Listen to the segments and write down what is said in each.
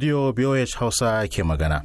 Radio BOH Hausa ke magana.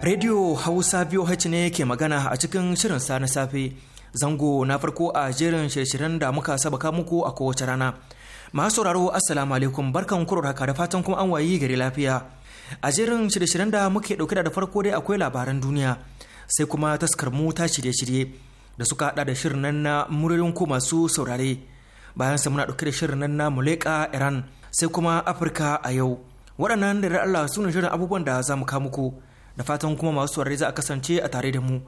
Radio Hausa biyu VOH ne ke magana a cikin shirin sa na safe. Zango na farko a jerin shirye da muka sabaka muku a kowace rana. Masu sauraro Assalamu alaikum barkan kuro haka da fatan kuma an wayi gari lafiya. A jerin shirye-shiryen da muke dauke da farko dai akwai labaran duniya sai kuma taskar mu ta shirye-shirye da suka hada da shirin nan na muririn ku masu saurare. Bayan sa muna dauke da shirin nan na Muleka Iran sai kuma Afirka a yau. Waɗannan da Allah su ne shirin abubuwan da za mu kawo muku. da fatan kuma masu saurari za a kasance a tare da mu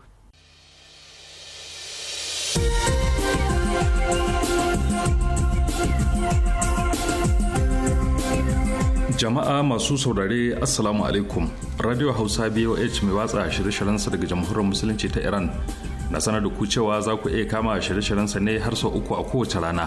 jama'a masu saurare assalamu alaikum radio hausa boh mai watsa shirye-shiryensa daga jamhuriyar musulunci ta iran na sanar da ku cewa za ku iya kama shirye sa ne har sau uku a kowace rana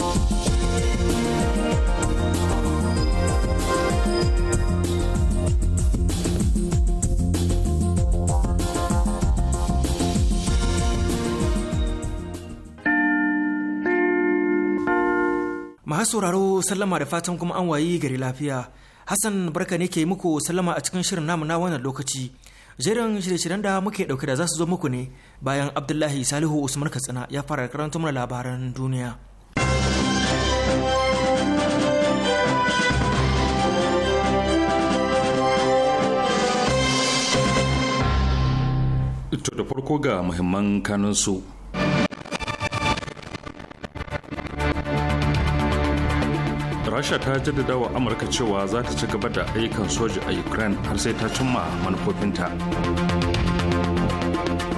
masu sauraro sallama da fatan kuma an wayi gari lafiya hassan barka ne ke muku sallama a cikin shirin namu na wannan lokaci jerin shirye-shiryen da muke dauke da zasu zo muku ne bayan abdullahi salihu usman katsina ya fara karanta mana labaran duniya to da farko ga muhimman kanunsu rasha ta jaddada wa amurka cewa za ta ci gaba da ayyukan soji a ukraine har sai ta cimma manufofinta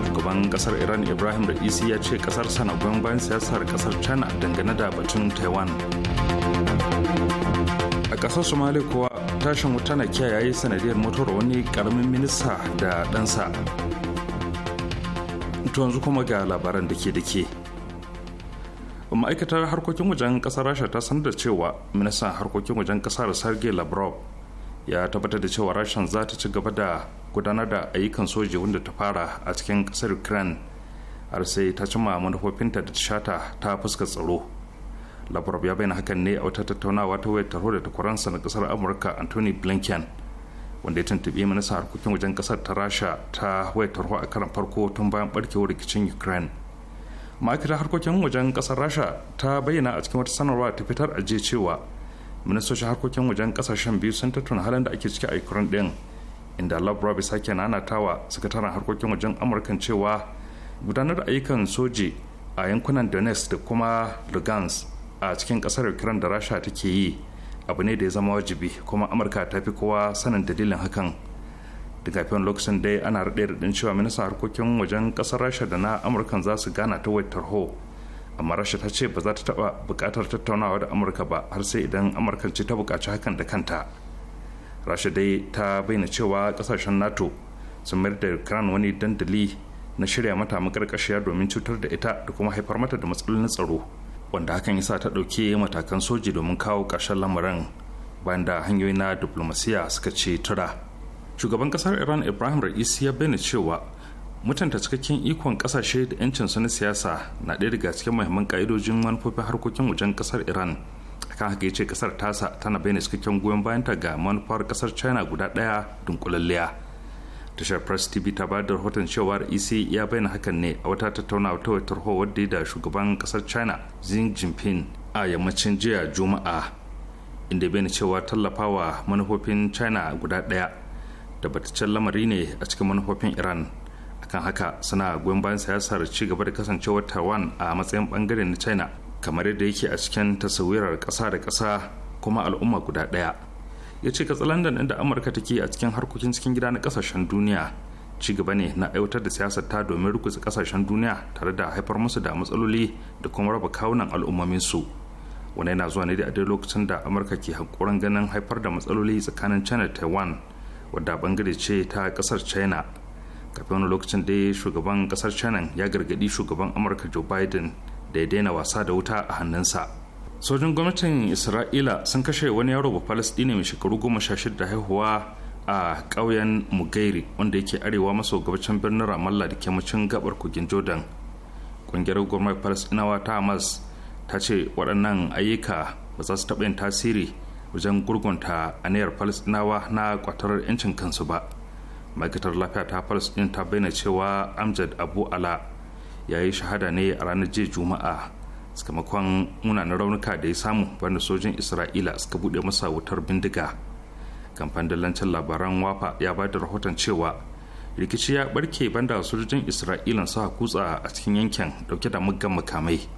shugaban kasar iran ibrahim da Raisi ya ce kasar sana goyon bayan siyasar kasar china dangane da batun taiwan a kasar somali kuwa tashin wuta na kiyaye sanadiyar motar wani karamin minista da ɗansa to kuma ga labaran da ke da ke ma'aikatar harkokin wajen kasar rasha ta sanar da cewa ministan harkokin wajen kasar sergei lavrov ya tabbatar da cewa rashan za ta ci gaba da gudanar da ayyukan soji wanda ta fara a cikin kasar ukraine har sai ta cimma manufofinta da ta shata ta fuska tsaro lavrov ya bayyana hakan ne a wata tattaunawa ta wayar taro da takwaransa na kasar amurka anthony blinken wanda ya tuntuɓi ministan harkokin wajen kasar ta rasha ta wayar tarho a karan farko tun bayan barkewar rikicin ukraine ma'aikatar harkokin wajen kasar rasha ta bayyana a cikin wata sanarwa ta fitar a jiya cewa ministocin harkokin wajen kasashen biyu sun tattauna halin da ake ciki a ukraine din inda lavrov sake nanatawa sakataren harkokin wajen amurkan cewa gudanar da ayyukan soji a yankunan donetsk da kuma lugansk a cikin kasar ukraine da rasha take yi abu ne da ya zama wajibi kuma amurka ta fi kowa sanin dalilin hakan da kafin lokacin dai ana raɗe raɗin cewa ministan harkokin wajen kasar rasha da na amurka za su gana ta waitar ho amma rasha ta ce ba za ta taba bukatar tattaunawa da amurka ba har sai idan amurkan ce ta bukaci hakan da kanta rasha dai ta bayyana cewa kasashen nato sun mayar da ukraine wani dandali na shirya mata makarƙashiya domin cutar da ita da kuma haifar mata da matsalolin tsaro wanda hakan yasa ta ɗauki matakan soji domin kawo karshen lamarin bayan da hanyoyi na diplomasiya suka ce tura shugaban kasar iran ibrahim ra'isi ya bayyana cewa mutanta cikakken ikon kasashe da 'yancin su na siyasa na ɗaya daga cikin muhimman ka'idojin manufofin harkokin wajen kasar iran akan haka ya ce kasar tasa tana bayyana cikakken goyon bayanta ga manufar kasar china guda ɗaya dunkulalliya tashar press tv ta ba da rahoton cewa ra'isi ya bayyana hakan ne a wata tattaunawa ta wata wadda da shugaban kasar china xi jinping a yammacin jiya juma'a inda bayyana cewa tallafawa manufofin china guda ɗaya da tabbataccen lamari ne a cikin manufofin iran akan haka suna goyon bayan siyasar ci gaba da kasancewar taiwan a matsayin bangare na china kamar yadda yake a cikin tasawirar kasa da kasa kuma al'umma guda ɗaya ya ce katsalandan inda amurka take a cikin harkokin cikin gida na kasashen duniya ci gaba ne na aiwatar da siyasar ta domin rukusa ƙasashen duniya tare da haifar musu da matsaloli da kuma raba kawunan su wani yana zuwa ne da a lokacin da amurka ke hankoron ganin haifar da matsaloli tsakanin china taiwan wadda bangare ce ta kasar china kafin wani lokacin da shugaban kasar china ya gargadi shugaban amurka joe biden da ya daina wasa da wuta a hannunsa sojin gwamnatin isra'ila sun kashe wani yaro ba palestini mai shekaru goma sha shida haihuwa a ƙauyen mugairi wanda yake arewa maso gabacin birnin ramallah da kemacin gabar kogin jordan ƙungiyar gwamnatin palestinawa ta hamas ta ce waɗannan ayyuka ba za su taɓa yin tasiri wajen gurgunta aniyar falasɗinawa na kwatar 'yancin kansu ba ma'aikatar lafiya ta falasɗin ta bayyana cewa amjad abu ala ya yi shahada ne a ranar jiya juma'a sakamakon munanan raunuka da ya samu wanda sojin isra'ila suka bude masa wutar bindiga kamfan dallancin labaran wafa ya ba da rahoton cewa rikici ya barke banda sojojin isra'ila su kutsa a cikin yankin dauke da muggan makamai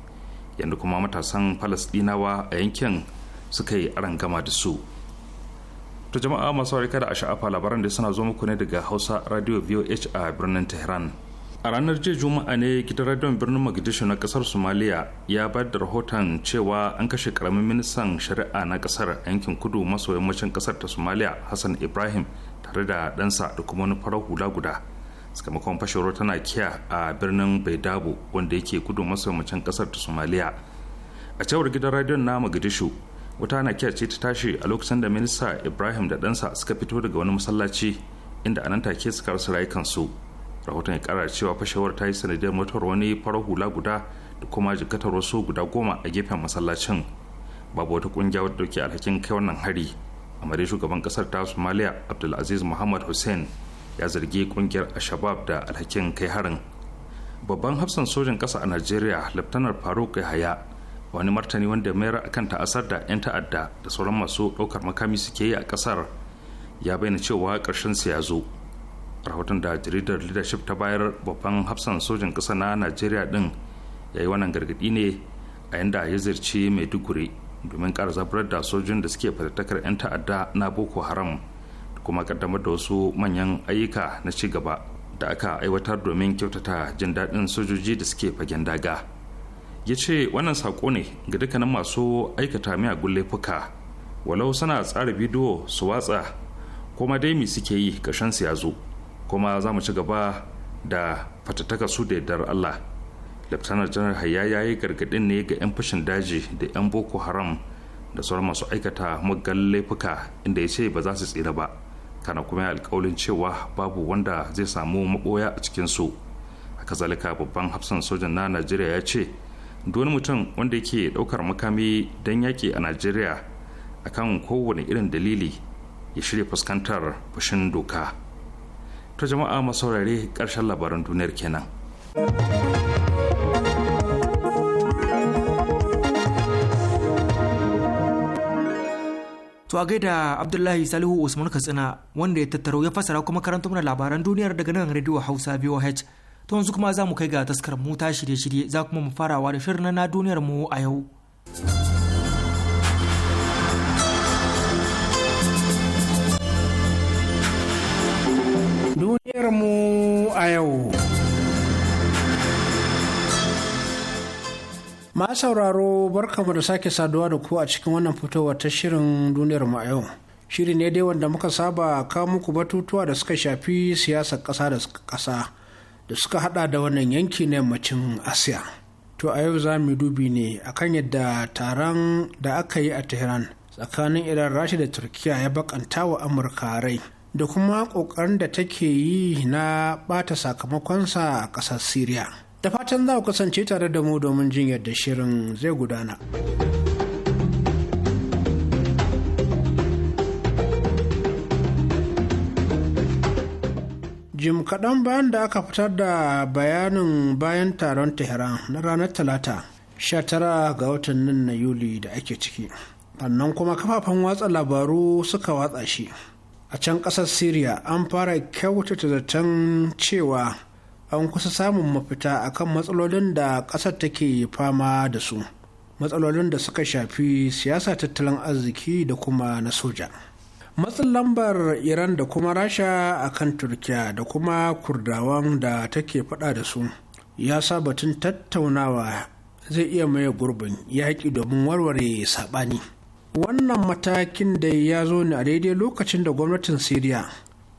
yadda kuma matasan falasɗinawa a yankin suka yi gama da su to jama'a masu harika da a sha'afa labaran da suna zo muku ne daga hausa radio voh a birnin tehran a ranar jiya juma'a ne gidan radiyon birnin mogadishu na kasar somaliya ya bayar da rahoton cewa an kashe karamin ministan shari'a na kasar yankin kudu maso yammacin kasar ta somaliya hassan ibrahim tare da ɗansa da kuma wani farar hula guda sakamakon fashewar tana kiya a birnin baidabo wanda yake kudu maso yammacin kasar ta somaliya a cewar gidan radiyon na mogadishu wata nakiya ce ta tashi a lokacin da minista ibrahim da ɗansa suka fito daga wani masallaci inda anan take suka rasa rayukansu rahoton ya kara cewa fashewar ta yi sanadiyar mutuwar wani farar hula guda da kuma jikatar wasu guda goma a gefen masallacin babu wata kungiya wadda ke alhakin kai wannan hari amma shugaban kasar ta somalia abdulaziz muhammad hussein ya zargi ƙungiyar ashabab da alhakin kai harin babban hafsan sojin kasa a najeriya laftanar faruk yahaya wani martani wanda mayar akan ta'asar da 'yan ta'adda da sauran masu ɗaukar makami suke yi a ƙasar ya bayyana cewa ƙarshen su ya zo rahoton da jaridar leadership ta bayar babban hafsan sojin ƙasa na najeriya ɗin ya yi wannan gargaɗi ne a yanda ya zirce maiduguri domin ƙara zaburar da sojin da suke fatattakar 'yan ta'adda na boko haram da kuma ƙaddamar da wasu manyan ayyuka na ci gaba da aka aiwatar domin kyautata jin daɗin sojoji da suke fagen daga. ya ce wannan sako ne ga dukkanin masu aikata miyagun laifuka walau suna tsara bidiyo su watsa kuma dai mi suke yi ƙarshen su ya kuma za mu ci gaba da fatattaka su da yardar allah laftanar janar hayya ya yi gargaɗin ne ga 'yan fashin daji da 'yan boko haram da sauran masu aikata muggan laifuka inda ya ce ba za su tsira ba kana kuma ya alƙawarin cewa babu wanda zai samu maɓoya a cikinsu haka kazalika babban hafsan sojan na najeriya ya ce wani mutum wanda yake ɗaukar makami don yaƙi a najeriya kan kowane irin dalili ya shirya fuskantar fushin doka ta jama'a masaurare ƙarshen labaran duniyar kenan To a gaida Abdullahi Salihu Usman Katsina wanda ya tattaro ya fasara kuma karanta mana labaran duniyar daga nan Radio Hausa VOH. To yanzu kuma za mu kai ga taskar mu ta shirye-shirye za kuma mu farawa da shirin na duniyar mu a yau. Duniyar mu a yau. Ma sauraro barkamu da sake saduwa da ku a cikin wannan fitowa ta shirin duniyar mu a yau. Shiri ne dai wanda muka saba kawo muku batutuwa da suka shafi siyasar ƙasa da ƙasa. da suka hada da wannan yanki na yammacin asiya to a yau za mu dubi ne akan yadda taron da aka yi a tehran tsakanin iran Rashi da turkiya ya bakanta wa amurka rai da kuma kokarin da take yi na bata sakamakonsa a ƙasar Siriya. da fatan za ku kasance tare da mu domin jin yadda shirin zai gudana. jim kaɗan bayan da aka fitar da bayanin bayan taron tehran na ranar talata 19 ga watan nan na yuli da ake ciki sannan kuma kafafen watsa labaru suka watsa shi a can ƙasar syria an fara kyautata zaton cewa an kusa samun mafita a kan matsalolin da ƙasar take fama da su matsalolin da suka shafi siyasa tattalin arziki da kuma na soja. matsin lambar iran da kuma rasha a kan turkiya da kuma kurdawan da take fada da su ya sa batun tattaunawa zai iya maye gurbin yaƙi domin warware saɓani wannan matakin da ya zo ne a daidai lokacin da gwamnatin syria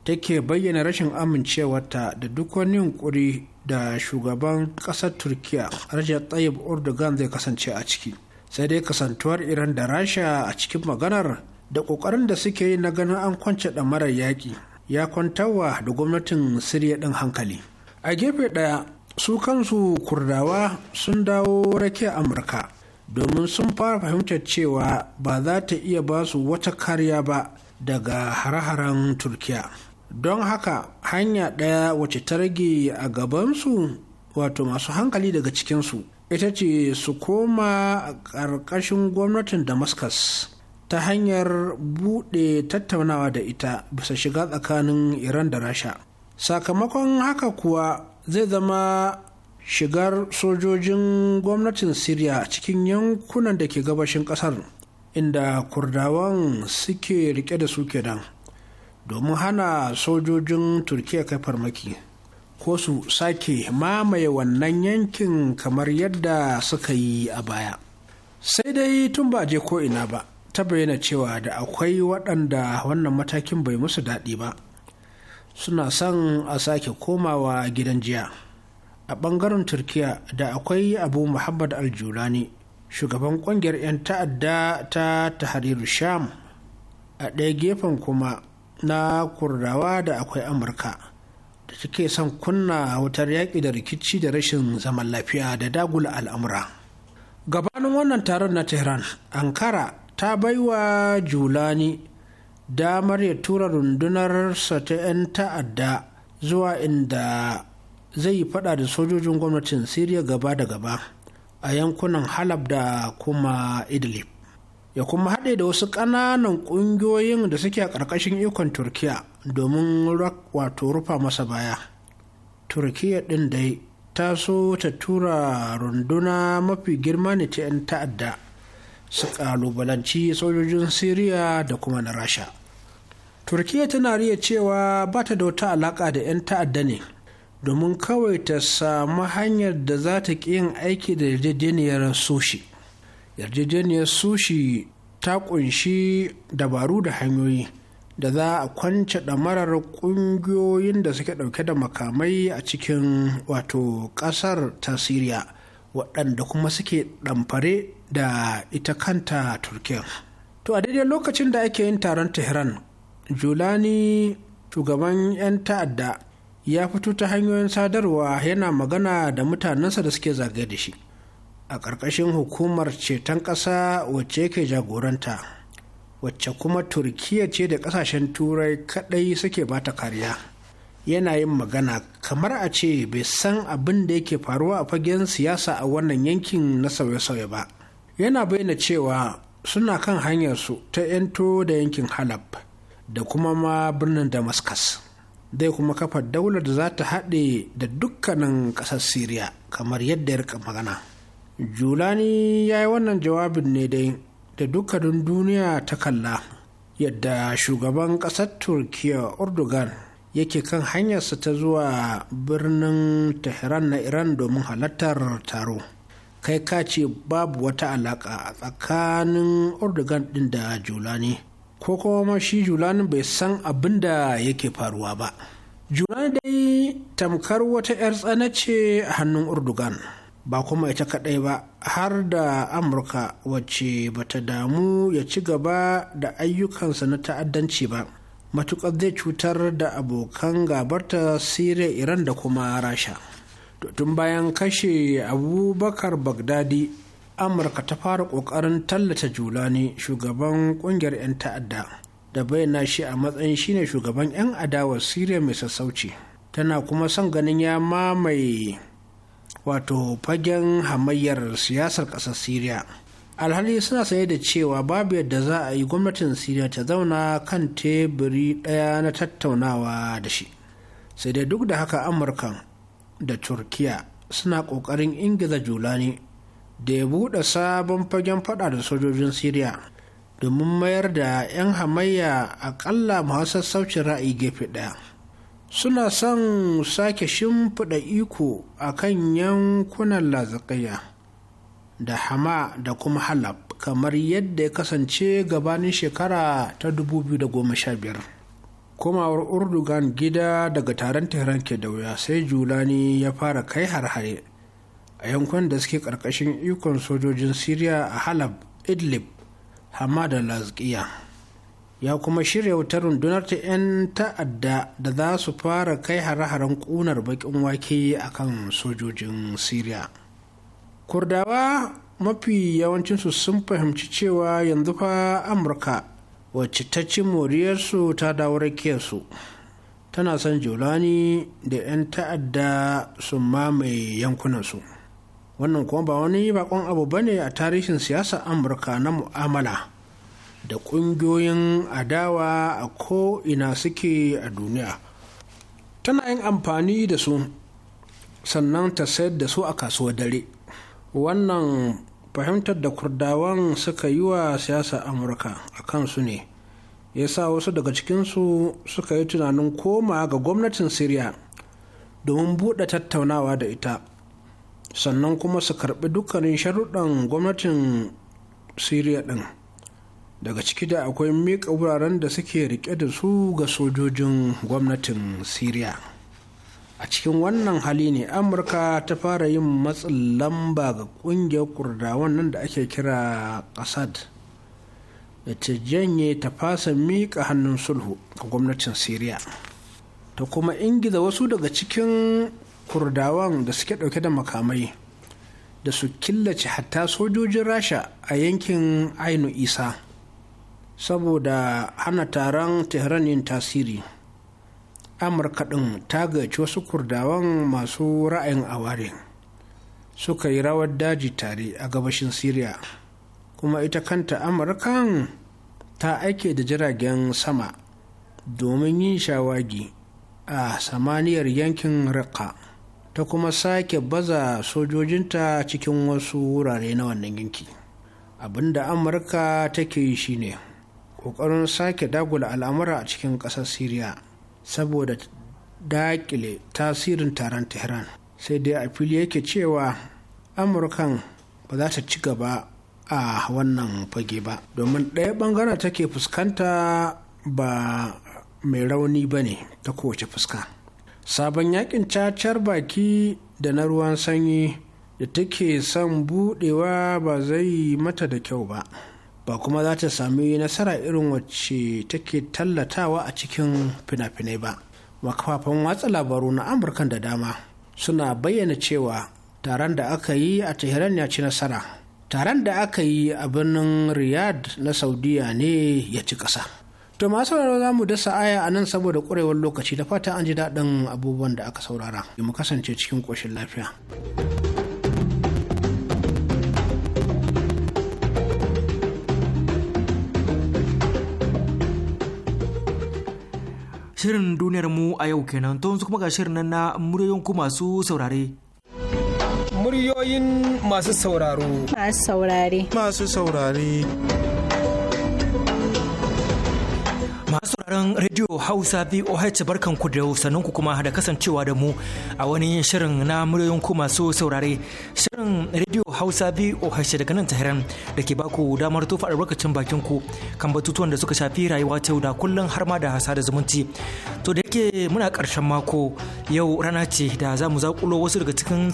take bayyana rashin amincewarta da duk wani yunkuri da shugaban ƙasar turkiya rajar tsayib Erdogan zai kasance a ciki sai dai kasantuwar iran da rasha a cikin maganar da ƙoƙarin da suke yi na ganin an kwance ɗamarar yaƙi ya kwantarwa da gwamnatin siriya ɗin hankali a gefe ɗaya su kansu kurdawa sun dawo rake amurka domin sun fara fahimtar cewa ba za ta iya ba su wata kariya ba daga hare-haren turkiya don haka hanya ɗaya wace ta rage a gabansu wato masu hankali daga cikinsu ita ce su koma a ƙarƙashin gwamnatin damascus ta hanyar buɗe tattaunawa da ita bisa shiga tsakanin iran da rasha sakamakon haka kuwa zai zama shigar sojojin gwamnatin syria cikin yankunan da ke gabashin ƙasar inda kurdawan suke rike da su kenan domin hana sojojin turkiya kai farmaki ko su sake mamaye wannan yankin kamar yadda suka yi a baya sai dai tun ba je ko ina ba ta bayyana cewa da akwai waɗanda wannan matakin bai musu daɗi ba suna son a sake komawa gidan jiya a ɓangaren turkiya da akwai abu muhammad aljulani shugaban ƙungiyar 'yan ta'adda ta tahariru sham a ɗaya gefen kuma na kurdawa da akwai amurka da take son kunna wutar yaƙi da rikici da rashin zaman lafiya da dagula al'amura gabanin wannan taron na tehran ankara ta baiwa julani damar ya tura rundunarsa ta 'yan ta'adda zuwa inda zai fada da sojojin gwamnatin siriya gaba da gaba a yankunan halab da kuma idlib ya kuma haɗe da wasu ƙananan ƙungiyoyin da suke a ƙarƙashin ikon turkiya domin wato rufa masa baya turkiya ɗin dai ta so ta tura runduna mafi girma ne ta 'yan ta'adda su kalubalanci sojojin syria da kuma na rasha turkiya tana riya cewa ba ta da wata alaka da 'yan ta'adda ne domin kawai ta samu hanyar da za ta ƙi yin aiki da yarjejeniyar sushi yarjejeniyar sushi ta kunshi dabaru da hanyoyi da za a kwance ɗamarar ƙungiyoyin da suke ɗauke da makamai a cikin wato ƙasar ta siriya waɗanda kuma suke ɗamfare da ita kanta turkiyya to a daidai lokacin da ake yin taron tehran julani shugaban 'yan ta'adda ya fito ta hanyoyin sadarwa yana magana da mutanensa da suke zagaye da shi a ƙarƙashin hukumar ceton ƙasa wacce yake jagoranta wacce kuma turkiya ce da ƙasashen turai kaɗai suke bata kariya yana yin magana kamar a ce bai san abin da yake faruwa a fagen siyasa a wannan yankin na sauye-sauye ba yana bayyana cewa suna kan hanyarsu ta 'yanto da yankin halab da kuma ma birnin damascus zai kuma kafa daular da za ta haɗe da dukkanin ƙasar syria kamar yadda ya rika magana julani ya yi wannan jawabin ne dai da dukkanin duniya ta kalla yadda shugaban ƙasar turkiya urdugan yake kan hanyarsa ta zuwa birnin tehran na iran domin halartar taro kai ka ce babu wata alaka a tsakanin urdugan din da julani ko kuma shi julani bai san abin da yake faruwa ba julani dai tamkar wata 'yar tsana ce a hannun urdugan ba kuma ita kadai ba har da amurka wacce bata damu ya ci gaba da ayyukansa na ta'addanci ba matukar zai cutar da abokan gabarta siriya iran da kuma rasha tun bayan kashe abubakar bagdadi amurka ta fara ƙoƙarin tallata julani shugaban ƙungiyar 'yan ta'adda da bayyana shi a matsayin shine shugaban 'yan adawar siriya mai sassauci tana kuma son ganin ya mamaye wato fagen hamayyar siyasar ƙasar siriya alhali suna sanye da cewa babu yadda za a yi gwamnatin siriya ta zauna kan teburi ɗaya na tattaunawa da shi sai dai duk da haka amurkan da turkiya suna ƙoƙarin ingiza julani da ya buɗe sabon fagen fada da sojojin Siriya, domin mayar da 'yan hamayya aƙalla masu sassaucin ra'ayi gefe ɗaya suna son sake shimfiɗa iko a kan yankunan lazakaiya da hama da kuma halab kamar yadda ya kasance gabanin shekara ta 2015 komawar urdugan gida daga taron tehran ke da wuya sai julani ya fara kai har-hare a yankunan da suke karkashin ikon sojojin syria a halab idlib hamada lazkiya ya kuma shirya wutar rundunar ta 'yan ta'adda da za su fara kai hare-haren kunar bakin wake a kan sojojin syria kurdawa mafi yawancinsu sun fahimci cewa yanzu fa amurka wacce ta ci moriyarsu ta dawo su tana son julani da 'yan ta'adda su mamaye yankunansu wannan kuma ba wani bakon abu ba ne a tarihin siyasa amurka na mu'amala da ƙungiyoyin adawa a ko'ina suke a duniya tana yin amfani da su sannan ta sayar da su a kasuwar dare wannan fahimtar da kurdawan suka yi wa siyasa amurka a kansu ne ya sa wasu daga cikinsu suka yi tunanin koma ga gwamnatin siriya domin buɗe tattaunawa da ita sannan kuma su karɓi dukkanin sharuɗan gwamnatin siriya ɗin daga ciki da akwai miƙa wuraren da suke riƙe da su ga sojojin gwamnatin siriya a cikin wannan hali ne amurka ta fara yin matsin lamba ga kungiyar kurdawan nan da ake kira kasad da ta janye ta fasa miƙa hannun sulhu ga gwamnatin syria ta kuma ingiza wasu daga cikin kurdawan da suke ɗauke da makamai da su killace hatta sojojin rasha a yankin ainu isa saboda hana taron tehran yin tasiri amurka ɗin ta gaci wasu kurdawan masu ra'ayin aware suka yi rawar daji tare a gabashin syria kuma ita kanta amurkan ta aike da jiragen sama domin yin shawagi a samaniyar yankin raqqa ta kuma sake baza sojojinta cikin wasu wurare na wannan yanki abinda amurka take yi shine ƙoƙarin sake dagula al'amura a cikin ƙasar syria saboda dakile tasirin taron tehran sai dai a fili yake cewa amurkan ba za ta ci gaba a wannan fage ba domin ɗaya ɓangaren take fuskanta ba mai rauni ba ne ta kowace fuska sabon yakin cacar baki da na ruwan sanyi da take son budewa ba zai mata da kyau ba ba kuma za ta sami nasara irin wacce take tallatawa a cikin fina-finai ba makafafan watsa labaru na amurka da dama suna bayyana cewa taron da aka yi a tehran ya ci nasara taron da aka yi a birnin riyadh na saudiya ne ya ci ƙasa to masu sauraro za mu dasa aya a nan saboda ƙwarewar lokaci da fata an ji daɗin abubuwan da aka saurara mu kasance cikin ƙoshin lafiya. Shirin duniyar mu a yau kenan to yanzu kuma ga shirin nan na muryoyin ku masu saurare. Muryoyin masu sauraro. Masu saurare. Masu saurare. sauraron Radio Hausa VOH ku da ku kuma da kasancewa da mu a wani shirin na muryoyin ku masu saurare. Shirin Radio Hausa VOH daga nan Tahiran da ke baku damar tofa albarkacin bakin ku kan batutuwan da suka shafi rayuwa ta yau da kullum har ma da hasa da zumunci. To da yake muna karshen mako yau rana ce da za mu zakulo wasu daga cikin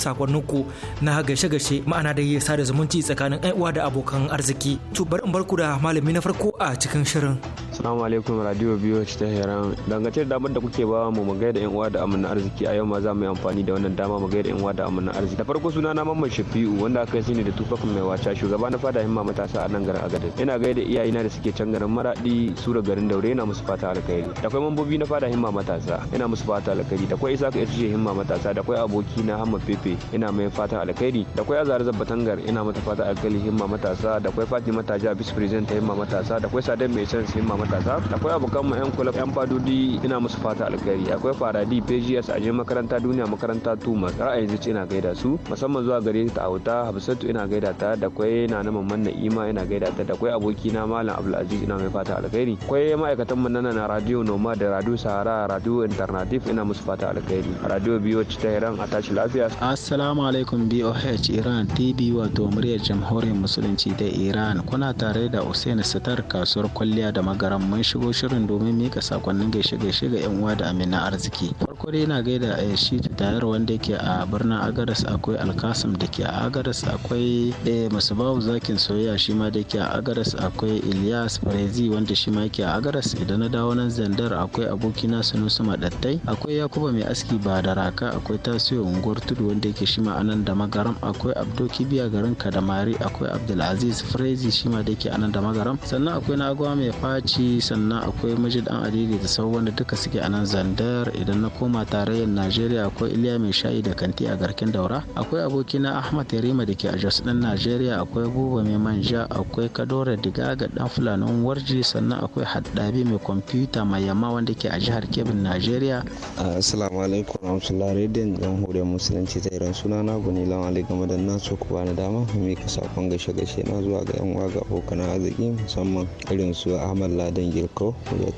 ku na gashe-gashe ma'ana da yi sada zumunci tsakanin uwa da abokan arziki. To bari in barku da malami na farko a cikin shirin. Assalamu alaikum radio biyu ta Iran. Dangace da damar da kuke ba mu mu gaida yan uwa da amana arziki a yau ma za mu yi amfani da wannan dama mu gaida yan uwa da amana arziki. Da farko suna na Mamman Shafi'u wanda aka yi ne da tufafin mai wacha shugaba na fada himma matasa a nan garin Agadez. Ina gaida iyayena da suke can garin Maradi sura garin Daure ina musu fata alkhairi. Da akwai mambobi na fada himma matasa ina musu fata alkhairi. Da akwai Isa ka yi himma matasa da akwai aboki na Hamma Pepe ina mai fata alkhairi. Da akwai Azar Zabbatangar ina mata fata alkhairi himma matasa da akwai Fatima Taja Vice President himma matasa da akwai Sadan Mai Chance himma matasa da akwai abokan ma 'yan kula 'yan fadodi ina musu fata alkhairi akwai faradi pgs a makaranta duniya makaranta tuma ra'ayin zuci ina gaida su musamman zuwa gare ta auta Habsatu ina gaida ta da kwai na na mamman na'ima ina gaida ta da kwai aboki na malam abdulaziz ina mai fata alkhairi kwai ma'aikatan mu nan na radio noma da radio sahara radio alternative ina musu fata alkhairi radio biyo ta iran a tashi lafiya assalamu alaikum boh iran tv wato muryar jamhuriyar musulunci da iran kuna tare da usaini sitar kasuwar kwalliya da magaran mun shigo shirin domin domin mika sakonnin gaishe-gaishe ga 'yan uwa da amina arziki. Farko dai ina gaida a eh, shi tayar wanda yake a birnin Agadas akwai Alkasim da ke a Agadas akwai eh, Musubawu zakin soyayya shi ma da ke a Agadas akwai Ilyas Farezi wanda shi ma yake a Agadas idan na dawo nan Zandar akwai abokina Sunusu Madattai akwai Yakuba mai aski ba da raka akwai Tasiyo unguwar tudu wanda yake shi ma anan da magaram akwai Abdo Kibiya garin Kadamari akwai Abdulaziz Farezi shi ma da yake anan da magaram sannan akwai Nagwa mai faci sannan akwai namiji dan adidi da sau wanda duka suke a nan zandar idan na koma tarayyar najeriya akwai iliya mai shayi da kanti a garkin daura akwai abokina ahmad yarima da ke a jos din najeriya akwai buba mai manja akwai diga digaga dan fulanin warji sannan akwai haddabi mai kwamfuta mai yamma wanda ke a jihar kebin najeriya ah, assalamu alaikum rahmatullahi rediyon jamhuriyar musulunci ta iran suna na gani lawan ali game da na so kuwa na dama mai ka sakon gashe gashe na zuwa ga yan waga abokan arziki musamman irin su ahmad ladan girko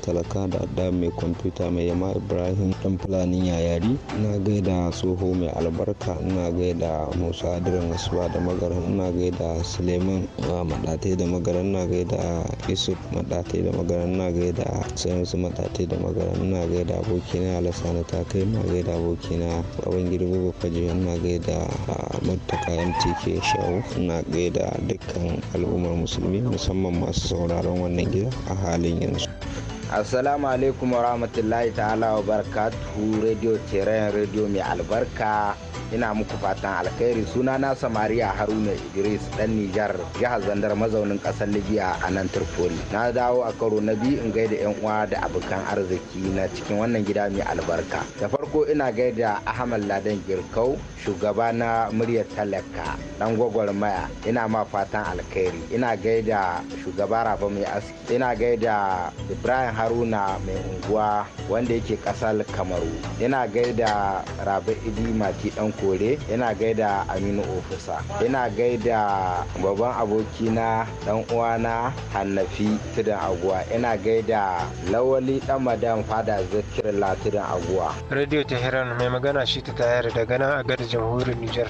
talaka da adam mai kwamfuta mai yama ibrahim dan fulani yayari ina gaida tsoho mai albarka ina gaida musa adiran asuwa da magaran ina gaida suleiman ah, madatai da magaran ina gaida yusuf madatai da magaran ina gaida sayansu madatai da magaran ina gaida abokina alasana ta kai ina gaida abokina baban girgo bafaji ina gaida ah, mutaka mtk shawu ina gaida dukkan al'ummar musulmi musamman masu sauraron wannan gida a halin yanzu assalamu alaikum wa rahmatullahi ta'ala wa barakatuhu radio teren radio mai albarka ina muku fatan alkhairi suna na samariya haruna idris dan nijar jihar zandar mazaunin kasar libya a nan turfoli na dawo a karo na biyu in gaida yan uwa da abokan arziki na cikin wannan gida mai albarka da farko ina gaida ahmad ladan girkau shugaba na muryar talaka dan gwagwarmaya ina ma fatan alkhairi ina gaida shugaba rafa mai aski ina gaida ibrahim haruna mai unguwa wanda yake kasar kamaru yana gaida rabe idi mati dan kore yana gaida aminu ofisa yana gaida babban abokina dan uwana hannafi tudun aguwa yana gaida lawali dan madam fada zakir latudun aguwa radio tehran mai magana shi ta tayar daga nan a gadar jamhuriyar niger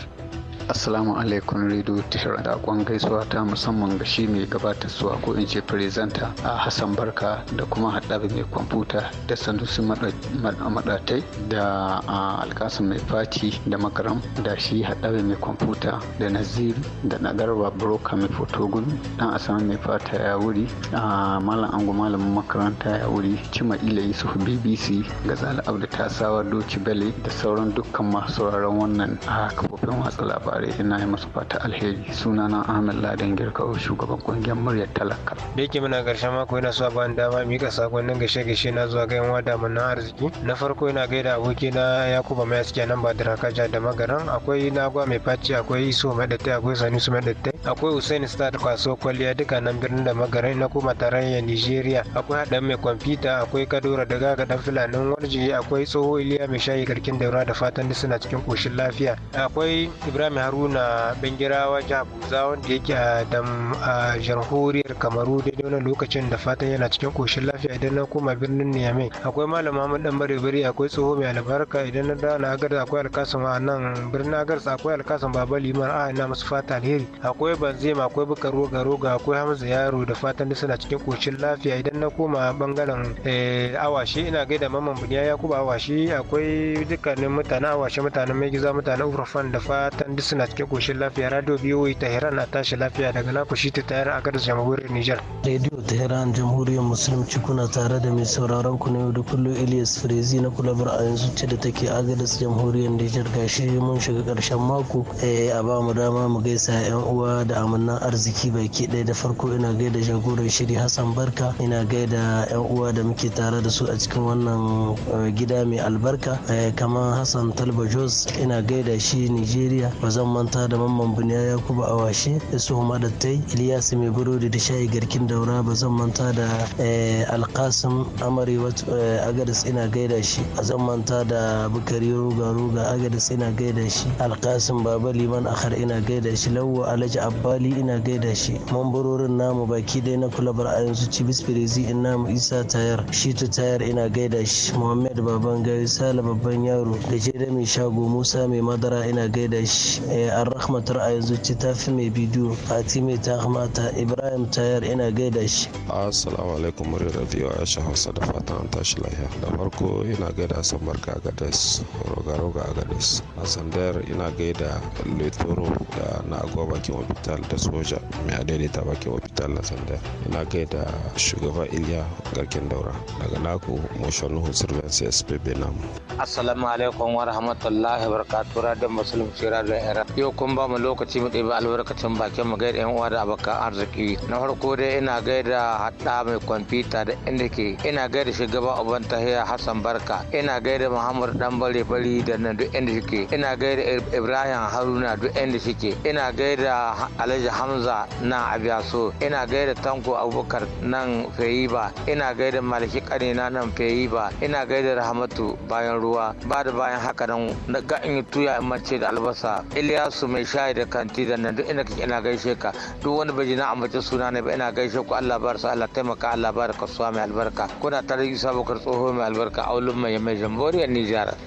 Assalamu alaikum Radio Tishar da kwan gaisuwa ta musamman ga shi mai gabatarwa ko in ce presenter a Hassan Barka da kuma haɗabi mai kwamfuta da Sanusi Madatai da Alkasim mai faci da makaram da shi haɗabi mai kwamfuta da Nazir da nagarwa Broka mai fotogun dan asama mai fata ya wuri a Malam Ango malamin makaranta ya wuri Cima Ila Yusuf BBC ga Zala Abdu Tasawa Doci Bele da sauran dukkan masu sauraron wannan a kafofin watsa labarai. saurare ina yi masu fata alheri sunana Ahmed Laden Girkawo shugaban kungiyar muryar talaka. Da yake muna karshen mako yana suwa a bani dama mika sakonnin gashe gashe na zuwa ga yan wada na arziki. Na farko yana gaida aboki na Yakuba Mai suke nan ba ja da Magaran akwai Nagwa Mai Faci akwai Iso Madatai akwai Sanusi Madatai akwai Hussein Stad Kwaso Kwalliya duka nan birnin da Magaran na kuma tarayyar Nigeria akwai Hadan Mai Kwamfuta akwai Kadura da Gaga Dan Filanin Warji akwai Tsoho Iliya Mai Shayi garkin Daura da fatan da suna cikin koshin lafiya akwai Ibrahim haruna bengirawa jabuza wanda yake a dam a jamhuriyar kamaru da wannan lokacin da fatan yana cikin koshin lafiya idan na koma birnin niamey akwai malam muhammad dan bare akwai tsoho mai albarka idan na dawo na akwai alkasun a nan birnin agarza akwai alkasun baba liman a ina musu fata alheri akwai banzema akwai bukar roga roga akwai hamza yaro da fatan da suna cikin koshin lafiya idan na koma bangaren eh, awashi ina gaida mamman buniya yakubu awashi akwai dukkanin mutanen awashi mutanen mai giza mutanen urfan da fatan duk suna cike koshin lafiya radio biyoyi tehran a tashi lafiya daga naku shi ta tayar a gadar jamhuriyar niger radio tehran jamhuriyar musulunci kuna tare da mai sauraron ku na yau da kullum elias frezi na kulabar a yanzu ce da take agadas jamhuriyar nijar gashi mun shiga karshen mako eh, a ba mu dama mu gaisa yan uwa da amannan arziki baki ɗaya da farko ina gaida jagoran shiri hassan barka ina gaida yan uwa da muke tare da su a cikin wannan eh, gida mai albarka eh, kamar hassan talba jos ina gaida shi nigeria ba zan manta da mamman buniya yakubu awashe da su madattai Ilyas mai burodi da shayi garkin daura ba zan manta da eh, alkasim amari eh, agadis ina gaida shi a zan manta da bukari ruga ruga agadis ina gaida shi alkasim baba liman akhar ina gaida shi lawa alhaji abbali ina gaida shi mambarorin namu baki dai na kulabar a yanzu cibis firizi in namu isa tayar shitu tayar ina gaida shi muhammad baban sale babban yaro da jere mai shago musa mai madara ina gaida shi Eh, an rahmatar a yanzu ce ta fi mai bidiyo fatime ta mata ibrahim tayar ina gaida shi assalamu alaikum muryar biyu a shi hausa da fata an tashi lahiya da farko ina gaida san barka a gadas roga-roga a gadas a sandar ina gaida letoro da na agwa bakin hospital da soja mai adaidaita bakin hospital na sandar ina gaida shugaba iliya garkin daura daga naku motion nuhu sirvensi spb namu assalamu alaikum wa rahmatullahi barakatuhu radar musulun shirar da yau kun ba mu lokaci mu ɗebi albarkacin bakin mu gaida yan uwa da abokan arziki na farko dai ina gaida hada mai kwamfuta da inda ke ina gaida shugaba uban tahiya hassan barka ina gaida muhammad dan bare bari da nan duk inda shike ina gaida ibrahim haruna duk inda shike ina gaida alhaji hamza na abiyaso ina gaida tanko abubakar nan ba ina gaida maliki kanina nan ba ina gaida rahmatu bayan ruwa ba da bayan haka nan ga in tuya in mace da albasa Ilyasu mai shayi da kanti da nan duk ina kake ina gaishe ka duk wani bai na ambaci suna ne ba ina gaishe ku Allah bar su Allah taimaka Allah bar ka suwa mai albarka kuna tare Yusa Bakar tsoho mai albarka aulun mai mai jamboriyar Nijar